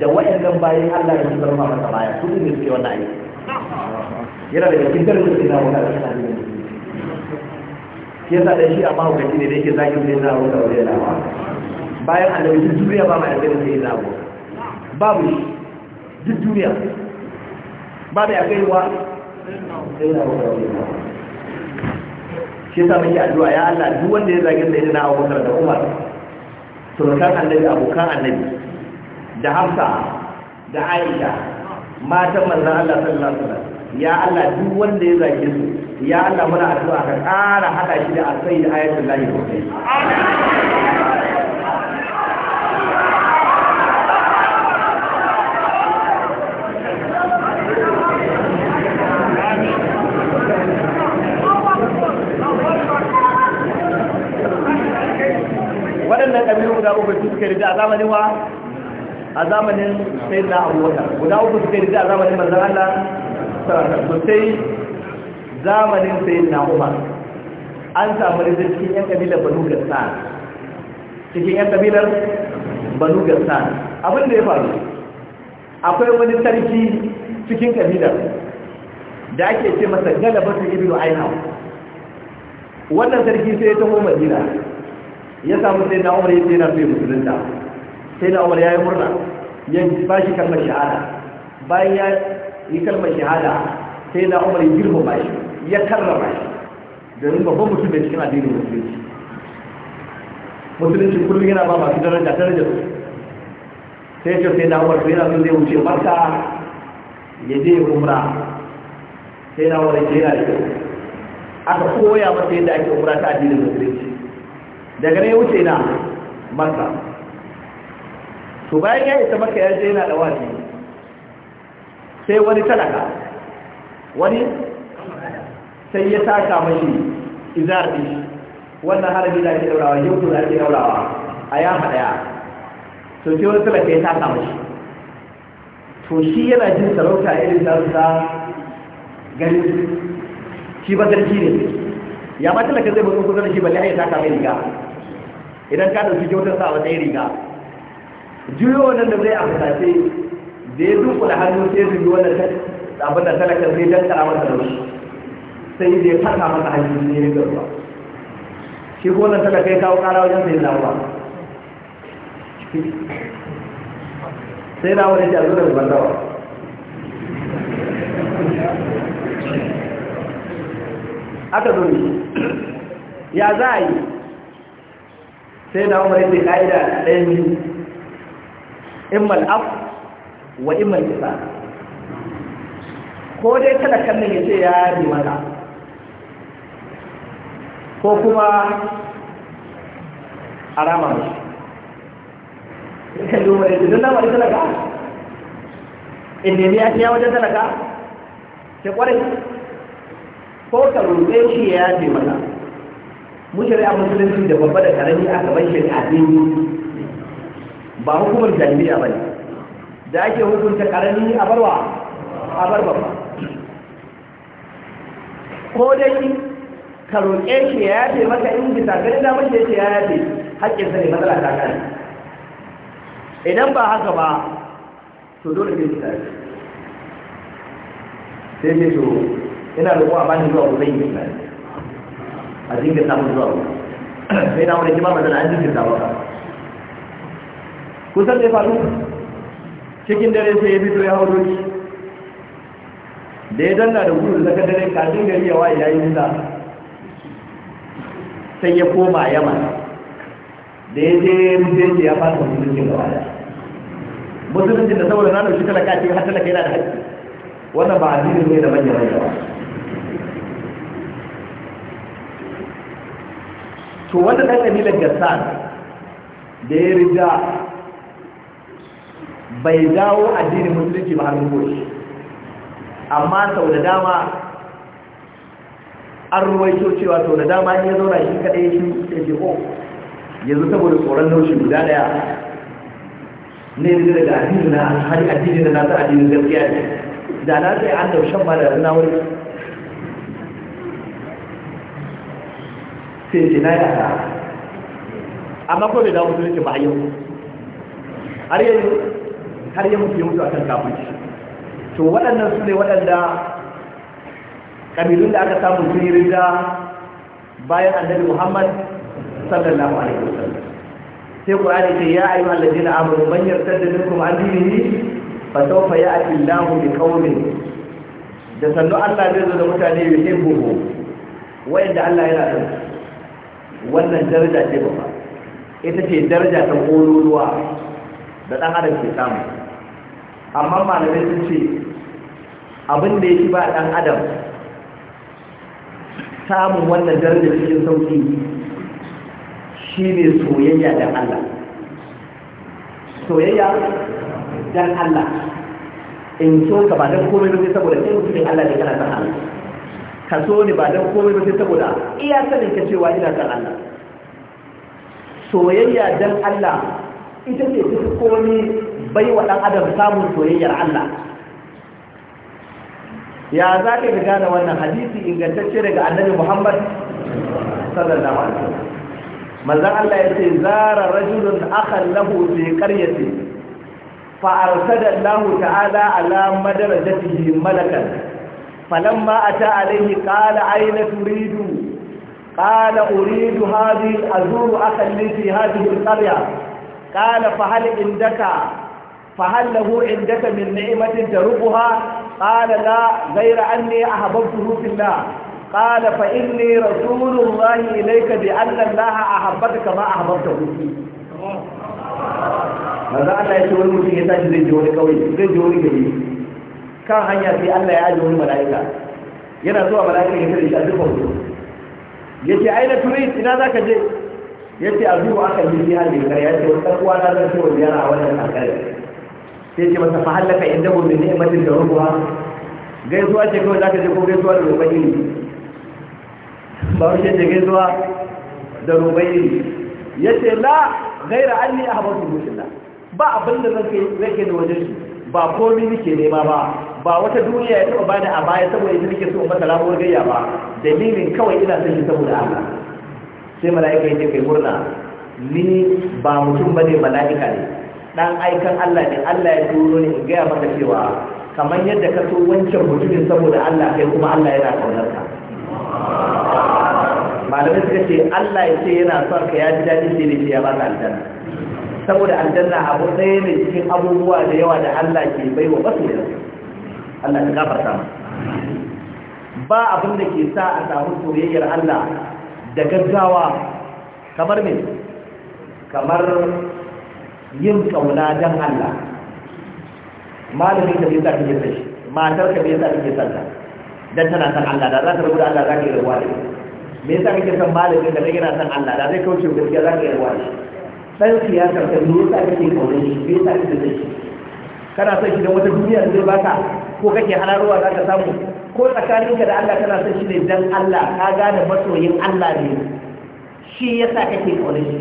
da wayannan bayan Allah ya zama masa baya su ne suke wannan aiki yana da cikin darajar da na wannan sayyidina yasa da shi amma hukunci ne da yake zagin sai na ruwa da yana ba bayan annabi duk duniya ba da babu duk duniya ba da ya ruwa. wa shi sa muke addu'a ya Allah duk wanda ya zage da na Abu Bakar da Umar surukan annabi abokan annabi da Hafsa da Aisha matan manzon Allah sallallahu alaihi wasallam ya Allah duk wanda ya zage su ya Allah muna addu'a ka ƙara hada shi da asai da ayatul lahi ko sai suka rida a zamanin wa a zamanin sai da abubakar guda uku suka rida a zamanin manzan Allah sosai zamanin sai na umar an samu rizu cikin yan kabilar banu gasa cikin yan kabilar banu gasa abin da ya faru akwai wani sarki cikin kabilar da ake ce masa galabatu ibnu aina wannan sarki sai ya taho madina ya samu sai na umar ya ce na sai musulunta sai na umar ya yi murna ya ba shi kalmar shahada bayan ya yi kalmar shahada sai na umar ya girma ba shi ya karrama shi domin babban mutum da cikin addinin musulunci musulunci kullum yana ba masu daraja daraja su sai ce sai na umar yana sun zai wuce maka ya je umra sai na umar ya ce yana da aka koya masa yadda ake umra ta addinin musulunci daga ne wuce na maka to bayan ya isa maka ya je yana da wani sai wani talaka wani sai ya taka mashi izar ɗin wannan harbi da ke daurawa yau da ake daurawa a ya haɗaya to sai wani talaka ya taka mashi to shi yana jin sarauta irin su ganin shi ba sarki ne ya ma talaka zai mutu kusa da shi balle ya taka mai riga idan ka dauki kyautar sa wata riga juyo wannan da zai a fusace da ya wani hannu sai su yi wannan abin da talakar zai dankara masa da shi sai da ya fata masa hannu ne ya garba shi ko wannan talakar ya kawo kara wajen sai lawa sai lawa wani ta zo da bandawa aka zo ne ya za a yi sai da umar yake ka'ida ɗayan biyu immal af wa immal isa ko dai kana nan ya ce ya yi mata ko kuma arama ne kan umar da duk namar talaka inda ne ya fiya wajen talaka sai kwarai ko ka roƙe shi ya yi mata mu shari'a musulunci da babba da karami aka gaban shari'a dini ba hukumar jami'a ba ne da ake hukunta karami a barwa a bar babba ko dai ka roƙe shi ya yafe maka in bisa ganin da mace ce ya yafe haƙƙin sa ne matsala ta kan idan ba haka ba to dole ne ki tafi sai ce to ina roƙo a bani zuwa zai yi tafi a dinga samun zuwa wuri sai na wani kima mazana an zaba ba. kusan da ya faru cikin dare sai ya fito ya hau doki da ya danna da gudu da dare kafin gari wa ya yi nisa sai ya koma yamma. da ya je rufe ya fasa musulunci gaba da. musulunci da saboda na dauki talaka ce har talaka yana da haƙƙi wannan ba jirgin ne da manyan rayuwa to wanda ɗan ƙabilar gassan da ya rija bai dawo addinin musulunci ba hannun goshi amma sau da dama an ruwaito cewa sau da dama ya zauna shi kaɗai shi ya ce ko oh, yanzu saboda tsoron naushi guda ɗaya ne yanzu daga addinin na har da na nasar addinin gaskiya ne da na sai an daushen ma da na wuri sai ce na yi asara amma kuma bai dawo musulunci ba a yau har yanzu har yanzu ya mutu akan kafirci to waɗannan su ne waɗanda ƙabilun da aka samu sun yi rida bayan annabi muhammad sallallahu alaihi wasallam sai qur'ani ce ya ayi ayyuhal ladina amanu man yartadda minkum an dinihi fa sawfa fa ya bi qaumin da sannu Allah zai zo da mutane yuhibbuhu wayanda Allah yana son wannan daraja ce ba ita ce daraja ta ƙololuwa da ɗan adam ke samu amma malamai sun ce abin da yake ba ɗan adam samun wannan daraja cikin sauki shi ne soyayya don Allah soyayya don Allah in so ka ba don komai ne saboda sai mutumin Allah ne kana san Allah ka so ni ba don komai ba sai saboda iya sanin ka cewa ina kan Allah soyayya dan Allah ita ce ta komai bai wa ɗan adam samun soyayyar Allah ya za ka ga da wannan hadisi ingantacce daga annabi Muhammad sallallahu alaihi wasallam manzon Allah ya ce zara rajulun da lahu fi qaryati fa arsada Allah ta'ala ala madarajatihi malakan فلما أتى عليه قال أين تريد قال أريد هذه أزور أخا لي في هذه القرية قال فهل عندك فهل له عندك من نعمة تربها قال لا غير أني أحببته في الله قال فإني رسول الله إليك بأن الله أحببك ما أحببته ماذا الله يقول المسيح يحتاج زي جوري قوي زي جوري قوي kan hanya sai Allah ya aje wani mala'ika yana zuwa mala'ika ya tare shi a duka wato yace ai na turis ina za ka je yace a zuwa aka yi jihar da kare yace wata kuwa na zan ce wani yana a wannan kankare sai ce masa fa halaka inda gobe ne matin da rubuwa gaisuwa ce kawai za ka je ko gaisuwa da rubai ne ba wuce ce gaisuwa da rubai ne yace la ghaira anni ahbatu billah ba abin da zan kai zai ke da wajen shi ba komai nake nema ba ba wata duniya ya taɓa bani a baya saboda ita nake so masa ramuwar gayya ba dalilin kawai ina son shi saboda Allah sai mala'ika yake kai murna ni ba mutum bane mala'ika ne dan aikan Allah ne Allah ya turo ni in gaya maka cewa kamar yadda ka so wancan mutumin saboda Allah kai kuma Allah yana kaunar ka malamai suka ce Allah ya ce yana son ka ya ji daɗi sai ne ya ba ka aljanna saboda aljanna abu ɗaya ne cikin abubuwa da yawa da Allah ke baiwa yanzu. Allah ka gafarta mu ba abin da ke sa a samu soyayyar Allah da gaggawa kamar me kamar yin kauna dan Allah malamin ka bai sa kake shi matar ka bai sa kake son ta dan tana san Allah da za ta rubuta Allah za ka yi rawa da me yasa kake son malamin da kake na san Allah da zai kauce gaskiya za ka yi rawa da shi dan siyasar ka me yasa kake kauna shi me yasa kake shi kana son shi don wata duniya da zai baka ko kake halarowa za ka samu ko tsakaninka da Allah kana son shi ne don Allah ka gane masoyin Allah ne shi yasa kake kaunar shi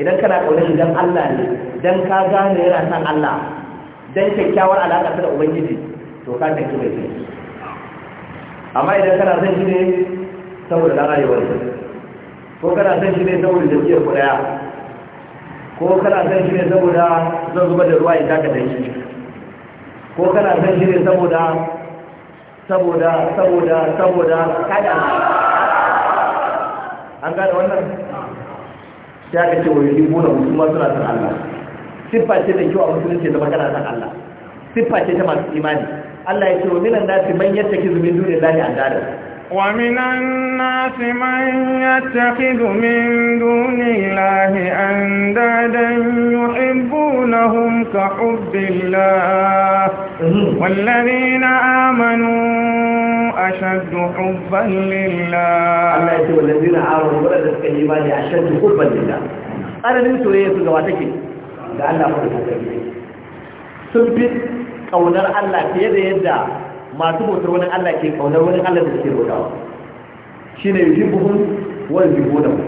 idan kana kaunar shi don Allah ne don ka gane yana son Allah don kyakkyawar alaƙa da ubangiji to ka tafi mai kai amma idan kana son shi ne saboda dan ko kana son shi ne saboda jam'iyyar ku daya ko kana san shi ne saboda zan zuba da ruwa in taka da shi ko kana san shi ne saboda saboda saboda saboda kada an gane wannan sai aka ce wani limu na musulma suna san Allah siffa ce da kyau a musulunci zama kana san Allah siffa ce ta masu imani Allah ya ce wa minan nasi man ki zumin duniyar lahi an dadar ومن الناس من يتخذ من دون الله أندادا يحبونهم كحب الله والذين آمنوا أشد حبا لله الله يقول والذين آمنوا بلدت كلمات أشد حبا لله أنا لم من سورية سجواتك لأن الله سبحانه سبحانه سبحانه قولنا الله في يد masu bautar wani Allah ke kaunar wani Allah da suke bautawa shine yuhibbuhum wa yuhibbunahum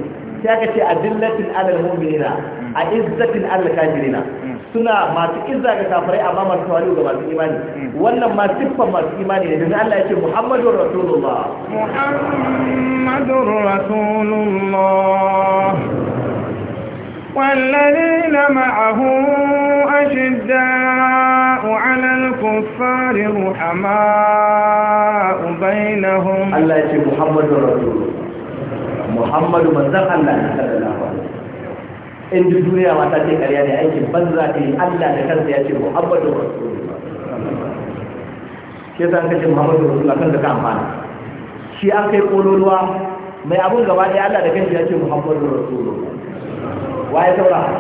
sai aka ce adillatin alal mu'minina a izzatin alal kafirina suna masu izza ga kafirai amma masu tawali ga masu imani wannan ma siffan masu imani ne dan Allah yake Muhammadur Rasulullah Muhammadur Rasulullah والذين معه أشداء على الكفار رحماء بينهم الله يتي محمد رسول محمد من ذا الله صلى الله عليه in duk duniya mata ce karya ne aikin banza ta yi Allah da kansa ya ce Muhammadu Rasulullah ke san kace Muhammadu Rasulullah kan da ka amfana shi an kai kololuwa mai abin gaba ɗaya Allah da ya ce Muhammadu waye saura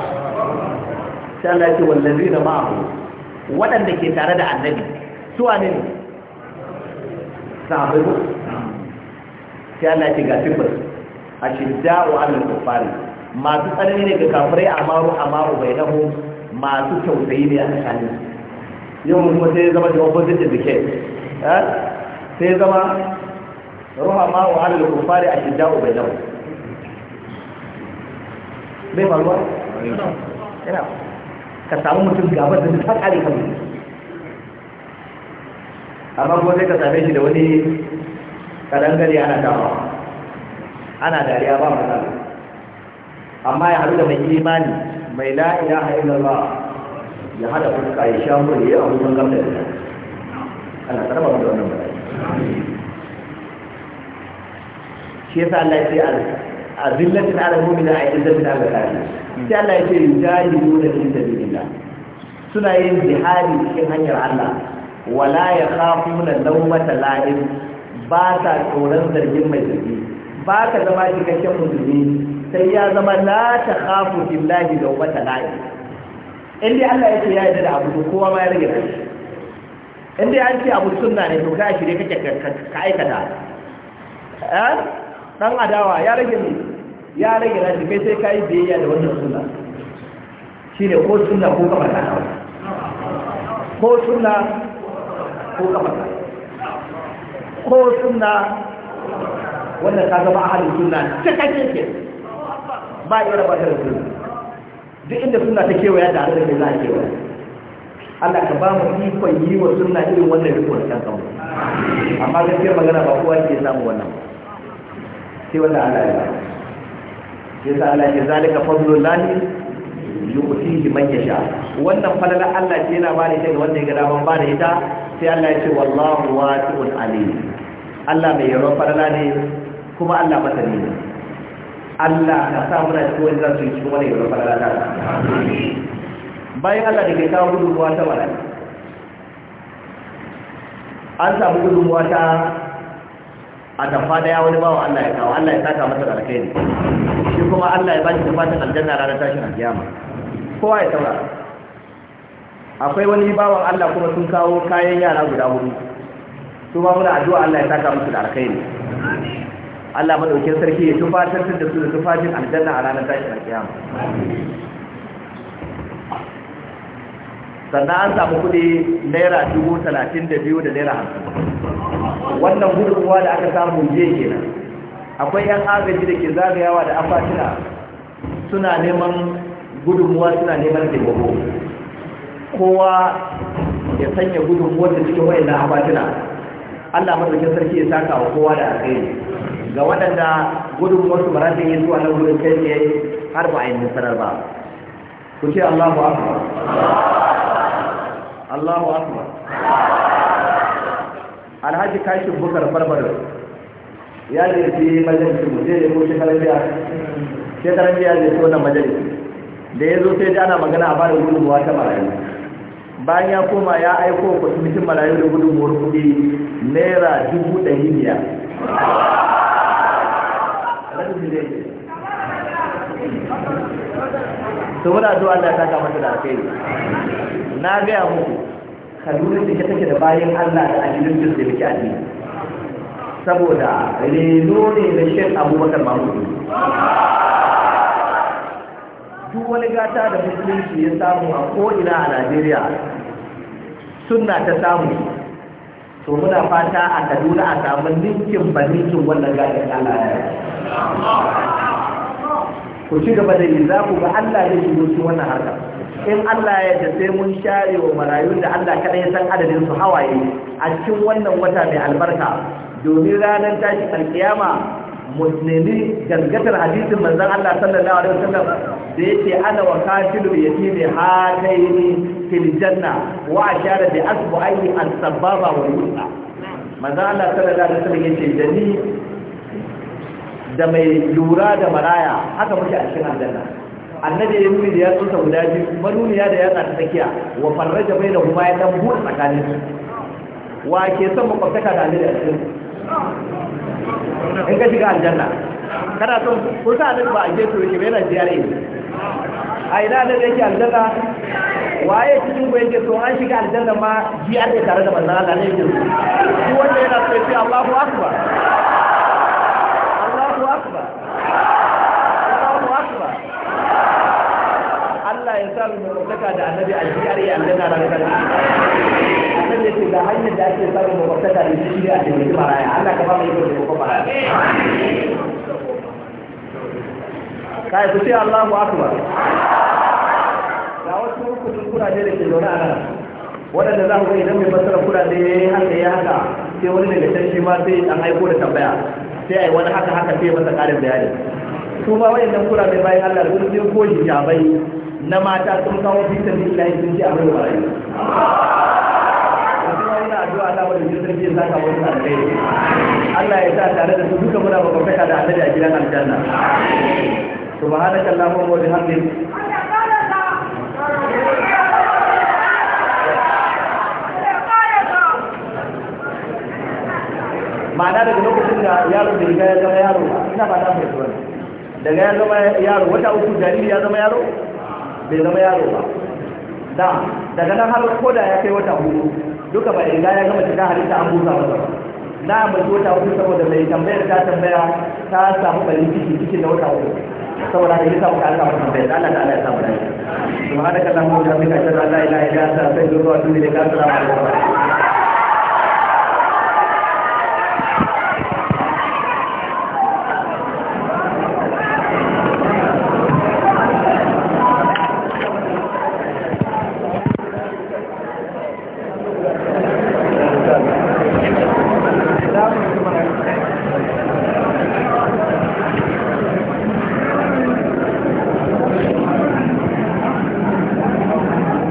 sai Allah ce wallazi da ma'ahu waɗanda ke tare da annabi su wane ne sahabai ko sai Allah ce ga sifir ashidda'u 'alal kuffari masu tsanani ne ga kafirai amaru bai bainahu masu tausayi ne a tsakanin yau mun kuma sai ya zama da opposite da ke eh? sai ya zama ruha a 'alal kuffari bai bainahu bai faruwa yana ka samu mutum gabar da ta kare kan amma kuma sai ka same shi da wani kadangare ana dawa ana dariya ba matsala amma ya haɗu da mai imani mai la ilaha illallah ya hada fuska ya sha mu ya abu san gamda da ana karba da wannan bayani shi yasa Allah ya ce azillatin ala mu'mina a izzatin ala kafir sai Allah ya ce yujahiduna fi sabilillah suna yin jihadi cikin hanyar Allah wala ya yakhafuna lawmata la'in ba ta tsoron zargin mai zargi ba ka zama cikakken musulmi sai ya zama la ta khafu billahi lawmata la'in in dai Allah ya ce ya yarda da abu kowa ma ya rage shi in dai an ce abu sunna ne to ka shirye kake ka aikata eh dan adawa ya rage ne ya rage na kai sai ka yi biyayya da wannan suna shi ne ko suna ko kamar ta ko suna ko kamar ta ko suna wannan ta zama sunna suna cikakken ke ba yi wani batar suna duk inda suna ta kewaya da hannun da za a kewa, Allah ka ba mu ikon yi wa suna irin wannan rikon kan kawo amma gaskiyar magana ba kowa ke samu wannan ba sai wanda Allah ya ce sai Allah ya zalika fadlullahi yu'tihi man yasha wannan falala Allah ce yana bani ta ga wanda ya gada daman bada ita sai Allah ya ce wallahu wasi'un alim Allah mai yaro falala ne kuma Allah masani ne Allah ka sa muna cikin wani zasu yi cikin wani yaro falala ta bayan Allah da ke kawo gudunmuwa ta wani an samu gudunmuwa ta a tafa da ya wani bawa Allah ya kawo Allah ya saka masa da alkhairi shi kuma Allah ya bashi fatan aljanna ranar tashin alkiyama kowa ya saura akwai wani bawan Allah kuma sun kawo kayan yara guda hudu su ba muna addu'a Allah ya saka musu da alkhairi Allah madaukakin sarki ya tufatar da su da tufafin aljanna a ranar tashin alkiyama sannan an samu kuɗi naira dubu talatin da biyu da naira hamsin wannan gudunmuwa da aka samu je kenan akwai yan agaji da ke zagayawa da afatina suna neman gudunmuwa suna neman taimako kowa ya sanya gudunmuwa da cikin wayan na afatina allah madaukin sarki ya saka wa kowa da alkhairi ga waɗanda gudunmuwa su za yin zuwa na gudun kai ne har ba a yi nasarar ba ku ce Allahu akbar Allahu akbar Alhaji kashin bukar barbarar ya je fi majalisi mu je mu shekarar karfiya ke karfiya zai so na majalisi da ya zo sai ana magana a bada gudunmuwa ta marayu bayan ya koma ya aiko mutum marayu da gudunmuwar kuɗi naira dubu ɗari biyar to muna zuwa Allah ya saka mata da alkhairi na gaya muku kalurin da take da bayan Allah da ajilin da muke addini saboda reno ne da shek abubakar mahmudu duk wani gata da musulunci ya samu a ko'ina a najeriya suna ta samu to muna fata a kaduna a samun ninkin ba ninkin wannan gata ya ku ci gaba da yi za ku ga Allah zai shigo cikin wannan harka in Allah ya da sai mun share wa marayun da Allah kaɗai ya san adadin su hawaye a cikin wannan wata mai albarka domin ranar tashi alkiyama musulmi gangatar hadisin manzon Allah sallallahu alaihi wasallam da yake ana wa kafilul yatimi hataini fil janna wa ashara bi asbu'aihi as-sababa wal wusta manzon Allah sallallahu alaihi wasallam yace da ni da mai lura da maraya haka muke a cikin aljanna annabi ya nuni da ya yatsunsa guda biyu manuniya da yatsa ta tsakiya wa farraja bai da kuma ya dan buɗe tsakanin su wa ke son makwabtaka da annabi a cikin in ka shiga aljanna kana son ko sa annabi ba a je to yake bai na ziyara yi a ina annabi yake aljanna waye cikin ku yake so an shiga aljanna ma ji an tare da manzon Allah ne yake so wanda yana so ya ce Allahu akbar Allah ya sa mu makwabtaka da annabi a jiyar ya aljanna da rikar annabi ya ce ga hanyar da ake samun makwabtaka da shi ne a jimaki baraya Allah ka ba mu ikon da kuma baraya kai ku ce Allahu akbar ga wasu rukunin kuraje da ke zaune a nan waɗanda za ku ga idan mai fassara kuraje haka ya haka sai wani daga can shi ma sai an aiko da tambaya sai yi wani haka haka sai masa karin bayani su ma kura mai bayan Allah sun je ko hijabai na mata sun kawo fitar lillahi sun ce abin wa rayu addu'a ta wani wani Allah ya sa tare da su duka muna bakwai da annabi a gidan aljanna allahumma wa bihamdika ma'ana daga lokacin da yaro da riga ya zama yaro ina ba ta fahimta wani daga ya zama yaro wata uku jariri ya zama yaro bai zama yaro ba da daga nan har ko da ya kai wata hudu duka ba riga ya gama cika halitta an busa wata na mai wata uku saboda mai tambayar ta tambaya ta samu bari ciki cikin da wata uku saboda da yasa ka aka masa da Allah da Allah ya samu rai subhanaka allahumma wa bihamdika ashhadu an la ilaha illa anta astaghfiruka wa atubu ilaik assalamu alaikum